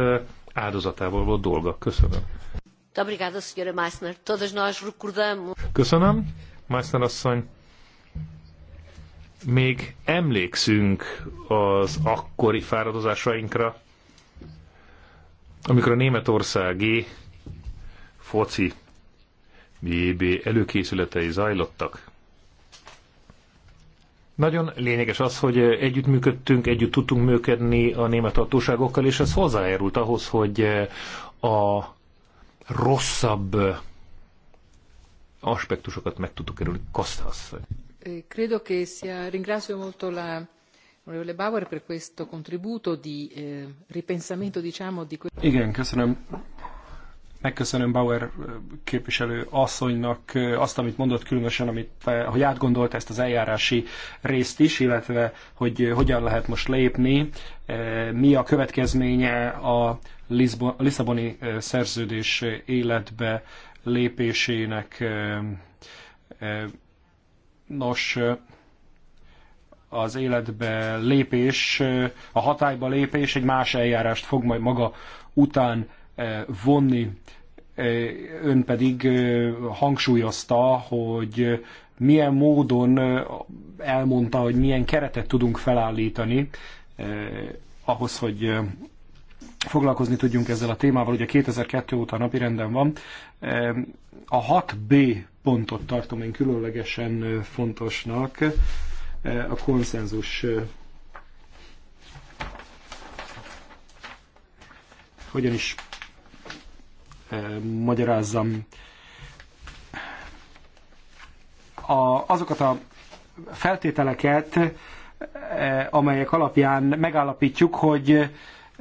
Speaker 1: áldozatával volt dolga. Köszönöm. Köszönöm, Meissner asszony. Még emlékszünk az akkori fáradozásainkra, amikor a németországi foci BB előkészületei zajlottak. Nagyon lényeges az, hogy együttműködtünk, együtt tudtunk működni a német hatóságokkal, és ez hozzájárult ahhoz, hogy a rosszabb aspektusokat meg
Speaker 3: tudtuk kerülni. Kostas.
Speaker 2: Eh, credo che sia, ringrazio molto la onorevole
Speaker 1: Bauer per questo contributo di eh, ripensamento, diciamo, di... Igen,
Speaker 3: köszönöm Megköszönöm Bauer képviselő asszonynak azt, amit mondott, különösen, amit, hogy átgondolt ezt az eljárási részt is, illetve hogy hogyan lehet most lépni, mi a következménye a Lisszaboni szerződés életbe lépésének. Nos, az életbe lépés, a hatályba lépés egy más eljárást fog majd maga után vonni. Ön pedig hangsúlyozta, hogy milyen módon elmondta, hogy milyen keretet tudunk felállítani ahhoz, hogy foglalkozni tudjunk ezzel a témával. Ugye 2002 óta renden van. A 6B pontot tartom én különlegesen fontosnak, a konszenzus hogyan is magyarázzam. A, azokat a feltételeket, eh, amelyek alapján megállapítjuk, hogy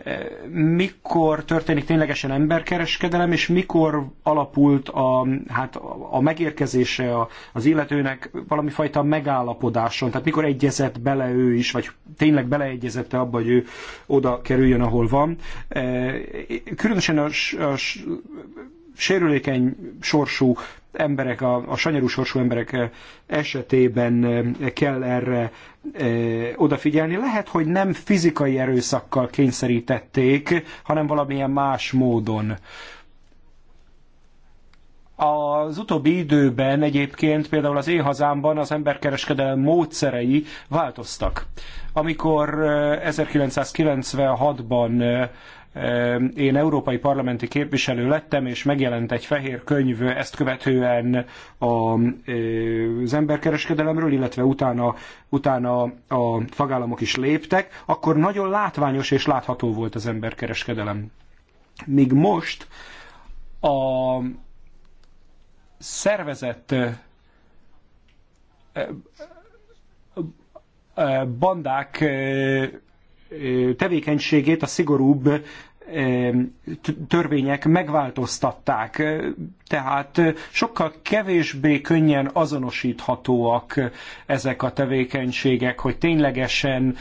Speaker 3: Eh, mikor történik ténylegesen emberkereskedelem, és mikor alapult a, hát a megérkezése az illetőnek valami fajta megállapodáson, tehát mikor egyezett bele ő is, vagy tényleg beleegyezett abba, hogy ő oda kerüljön, ahol van. Eh, különösen a, a sérülékeny sorsú emberek, a, a sanyarú sorsú emberek eh, esetében eh, kell erre eh, odafigyelni. Lehet, hogy nem fizikai erőszakkal kényszerítették, hanem valamilyen más módon. Az utóbbi időben egyébként például az én hazámban az emberkereskedelem módszerei változtak. Amikor 1996-ban Ehm, én európai parlamenti képviselő lettem, és megjelent egy fehér könyv ezt követően eh, az emberkereskedelemről, illetve utána, utána a tagállamok is léptek, akkor nagyon látványos és látható volt az emberkereskedelem. Míg most a szervezett eh, eh, bandák tevékenységét a szigorúbb törvények megváltoztatták, tehát sokkal kevésbé könnyen azonosíthatóak ezek a tevékenységek, hogy ténylegesen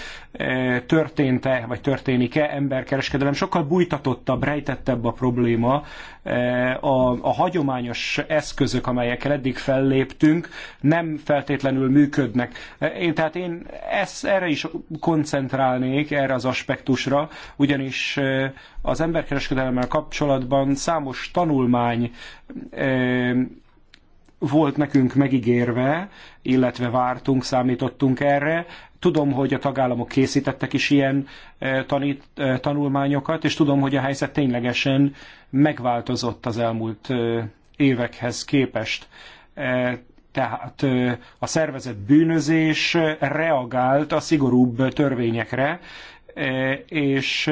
Speaker 3: történt-e, vagy történik-e emberkereskedelem. Sokkal bújtatottabb, rejtettebb a probléma. A, a hagyományos eszközök, amelyekkel eddig felléptünk, nem feltétlenül működnek. Én, tehát én ezt, erre is koncentrálnék, erre az aspektusra, ugyanis az emberkereskedelemmel kapcsolatban számos tanulmány volt nekünk megígérve, illetve vártunk, számítottunk erre. Tudom, hogy a tagállamok készítettek is ilyen tanít, tanulmányokat, és tudom, hogy a helyzet ténylegesen megváltozott az elmúlt évekhez képest. Tehát a szervezet bűnözés reagált a szigorúbb törvényekre, és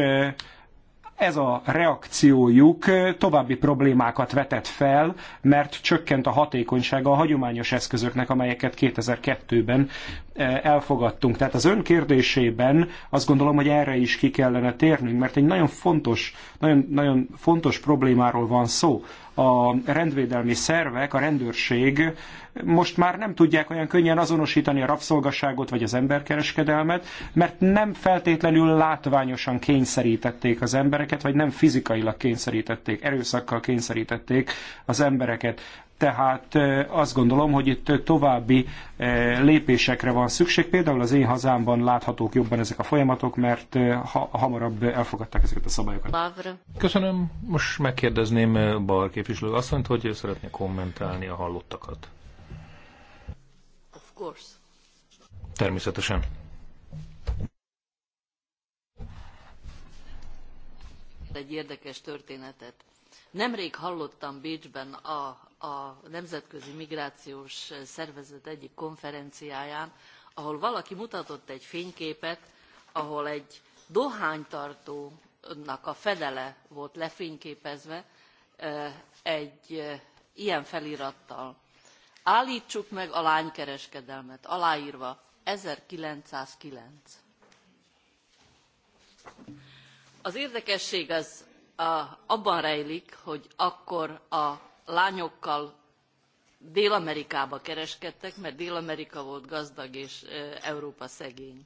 Speaker 3: ez a reakciójuk további problémákat vetett fel, mert csökkent a hatékonysága a hagyományos eszközöknek, amelyeket 2002-ben Eh, elfogadtunk. Tehát az ön kérdésében azt gondolom, hogy erre is ki kellene térnünk, mert egy nagyon fontos, nagyon, nagyon fontos problémáról van szó. A rendvédelmi szervek, a rendőrség most már nem tudják olyan könnyen azonosítani a rabszolgaságot vagy az emberkereskedelmet, mert nem feltétlenül látványosan kényszerítették az embereket, vagy nem fizikailag kényszerítették, erőszakkal kényszerítették az embereket. Tehát azt gondolom, hogy itt további lépésekre van szükség. Például az én hazámban láthatók jobban ezek a folyamatok, mert ha hamarabb elfogadták ezeket a szabályokat.
Speaker 1: Köszönöm. Most megkérdezném Bar képviselő asszonyt, hogy szeretné kommentálni a hallottakat. Of course. Természetesen.
Speaker 4: Egy érdekes történetet Nemrég hallottam Bécsben a, a Nemzetközi Migrációs Szervezet egyik konferenciáján, ahol valaki mutatott egy fényképet, ahol egy dohánytartónak a fedele volt lefényképezve egy ilyen felirattal. Állítsuk meg a lánykereskedelmet, aláírva 1909. Az érdekesség az abban rejlik, hogy akkor a lányokkal Dél-Amerikába kereskedtek, mert Dél-Amerika volt gazdag és Európa szegény.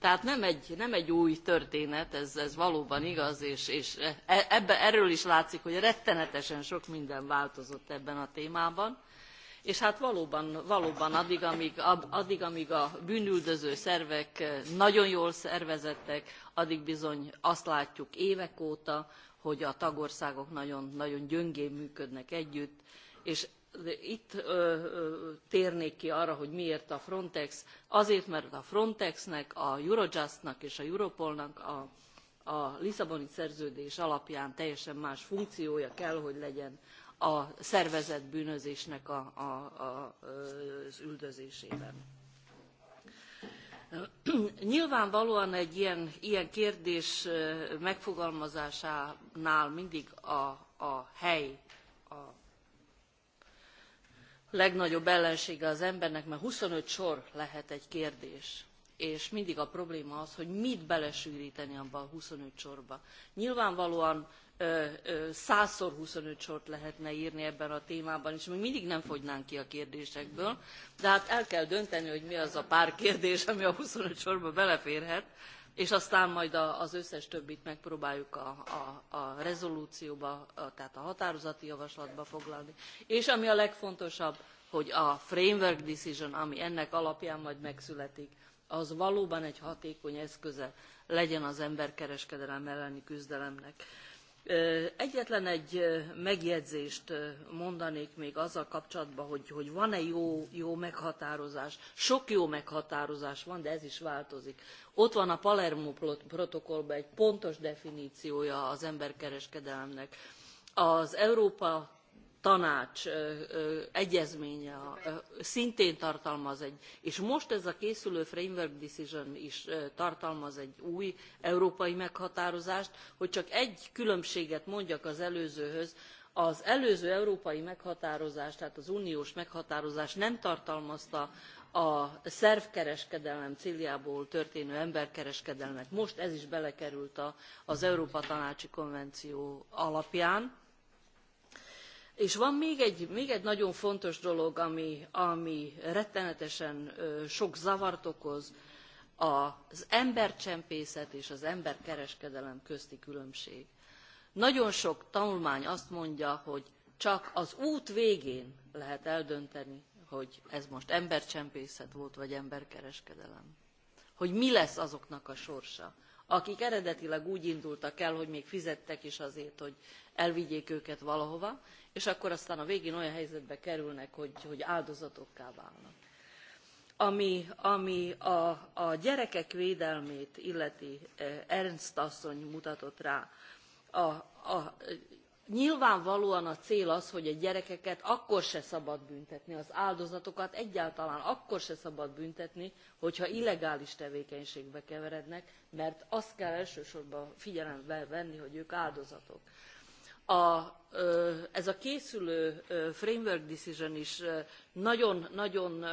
Speaker 4: Tehát nem egy, nem egy új történet, ez, ez valóban igaz, és, és e, e, ebbe, erről is látszik, hogy rettenetesen sok minden változott ebben a témában és hát valóban, valóban addig, amíg, addig, amíg a bűnüldöző szervek eh, nagyon jól szervezettek, addig bizony azt látjuk évek óta, hogy a tagországok nagyon, nagyon gyöngén működnek együtt, és itt ö, ö, térnék ki arra, hogy miért a Frontex. Azért, mert a Frontexnek, a Eurojustnak és a Europolnak a, a Lisszaboni szerződés alapján teljesen más funkciója kell, hogy legyen a szervezett bűnözésnek a, a, a, az üldözésében. Nyilvánvalóan egy ilyen, ilyen kérdés megfogalmazásánál mindig a, a hely a legnagyobb ellensége az embernek, mert 25 sor lehet egy kérdés és mindig a probléma az, hogy mit belesűríteni abba a 25 sorba. Nyilvánvalóan százszor 25 sort lehetne írni ebben a témában, és még mindig nem fogynánk ki a kérdésekből, de hát el kell dönteni, hogy mi az a pár kérdés, ami a 25 sorba beleférhet, és aztán majd az összes többit megpróbáljuk a, a, a rezolúcióba, a, tehát a határozati javaslatba foglalni. És ami a legfontosabb, hogy a framework decision, ami ennek alapján majd megszületik, az valóban egy hatékony eszköze legyen az emberkereskedelem elleni küzdelemnek Egyetlen egy megjegyzést mondanék még azzal kapcsolatban, hogy, hogy van-e jó, jó meghatározás. Sok jó meghatározás van, de ez is változik. Ott van a Palermo protokollban egy pontos definíciója az emberkereskedelemnek. Az Európa tanács egyezménye szintén tartalmaz egy, és most ez a készülő framework decision is tartalmaz egy új európai meghatározást, hogy csak egy különbséget mondjak az előzőhöz, az előző európai meghatározás, tehát az uniós meghatározás nem tartalmazta a szervkereskedelem céljából történő emberkereskedelmet. Most ez is belekerült az Európa Tanácsi Konvenció alapján és van még egy, még egy nagyon fontos dolog, ami, ami rettenetesen sok zavart okoz, az embercsempészet és az emberkereskedelem közti különbség. Nagyon sok tanulmány azt mondja, hogy csak az út végén lehet eldönteni, hogy ez most embercsempészet volt, vagy emberkereskedelem. Hogy mi lesz azoknak a sorsa akik eredetileg úgy indultak el, hogy még fizettek is azért, hogy elvigyék őket valahova, és akkor aztán a végén olyan helyzetbe kerülnek, hogy, hogy áldozatokká válnak. Ami, ami a, a gyerekek védelmét illeti, eh, Ernst asszony mutatott rá, a, a nyilvánvalóan a cél az hogy a gyerekeket akkor se szabad büntetni az áldozatokat egyáltalán akkor se szabad büntetni hogyha illegális tevékenységbe keverednek mert azt kell elsősorban figyelembe venni hogy ők áldozatok. A, ez a készülő framework decision is nagyon nagyon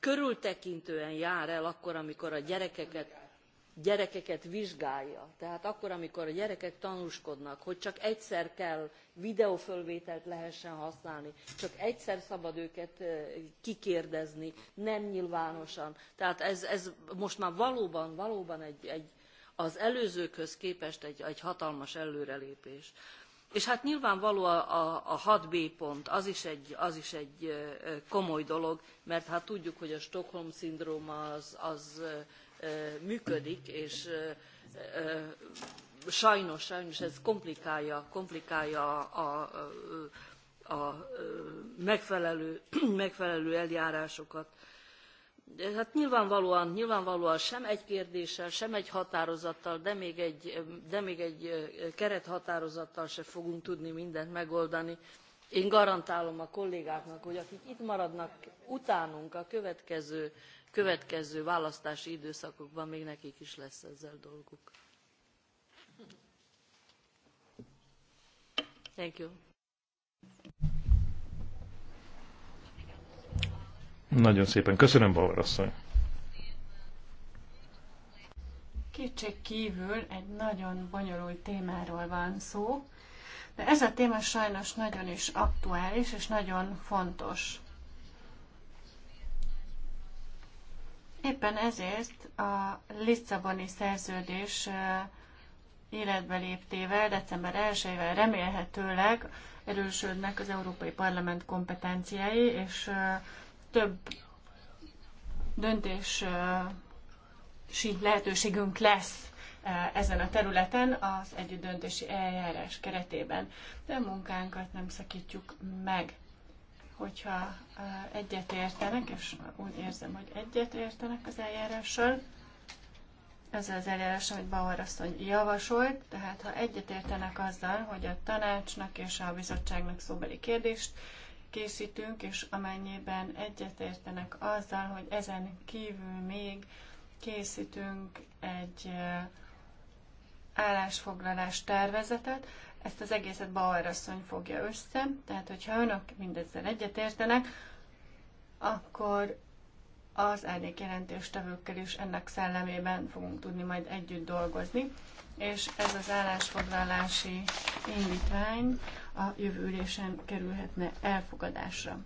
Speaker 4: körültekintően jár el akkor amikor a gyerekeket gyerekeket vizsgálja. Tehát akkor, amikor a gyerekek tanúskodnak, hogy csak egyszer kell videófölvételt lehessen használni, csak egyszer szabad őket kikérdezni, nem nyilvánosan. Tehát ez, ez most már valóban, valóban egy, egy, az előzőkhöz képest egy, egy hatalmas előrelépés. És hát nyilvánvaló a, a, a 6B pont, az is, egy, az is egy komoly dolog, mert hát tudjuk, hogy a Stockholm szindróma az, az működik, és sajnos, sajnos ez komplikálja, komplikálja a, a, a megfelelő, megfelelő eljárásokat. Hát nyilvánvalóan, nyilvánvalóan sem egy kérdéssel, sem egy határozattal, de még egy, de még egy kerethatározattal se fogunk tudni mindent megoldani. Én garantálom a kollégáknak, hogy akik itt maradnak utánunk a következő következő választási időszakokban még nekik is lesz ezzel dolguk. Thank you.
Speaker 1: Nagyon szépen köszönöm, Bauer asszony.
Speaker 2: Kétség kívül egy nagyon bonyolult témáról van szó, de ez a téma sajnos nagyon is aktuális és nagyon fontos. Éppen ezért a Lisszaboni szerződés életbe léptével, december 1-ével remélhetőleg erősödnek az Európai Parlament kompetenciái, és több döntés lehetőségünk lesz ezen a területen az döntési eljárás keretében. De a munkánkat nem szakítjuk meg hogyha egyet értenek, és úgy érzem, hogy egyet értenek az eljárással, ezzel az eljárással, amit Bauer asszony javasolt, tehát ha egyet értenek azzal, hogy a tanácsnak és a bizottságnak szóbeli kérdést készítünk, és amennyiben egyet értenek azzal, hogy ezen kívül még készítünk egy állásfoglalás tervezetet, ezt az egészet balrasszony fogja össze, tehát hogyha önök mindezzel egyetértenek, akkor az jelentős tevőkkel is ennek szellemében fogunk tudni majd együtt dolgozni, és ez az állásfoglalási indítvány a jövő ülésen kerülhetne elfogadásra.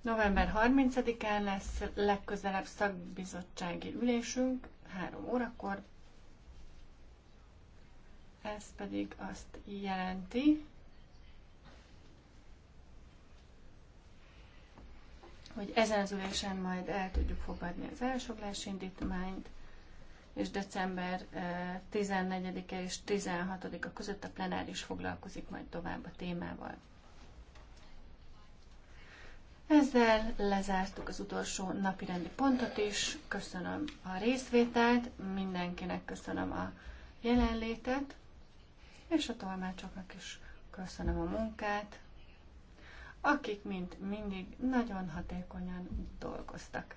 Speaker 2: November 30-án lesz legközelebb szakbizottsági ülésünk, három órakor. Ez pedig azt jelenti, hogy ezen az ülésen majd el tudjuk fogadni az elsoglási indítványt, és december 14-e eh, és 16-a között a plenáris foglalkozik majd tovább a témával. Ezzel lezártuk az utolsó napi rendi pontot is. Köszönöm a részvételt, mindenkinek köszönöm a jelenlétet, és a tolmácsoknak is köszönöm a munkát, akik, mint mindig, nagyon hatékonyan dolgoztak.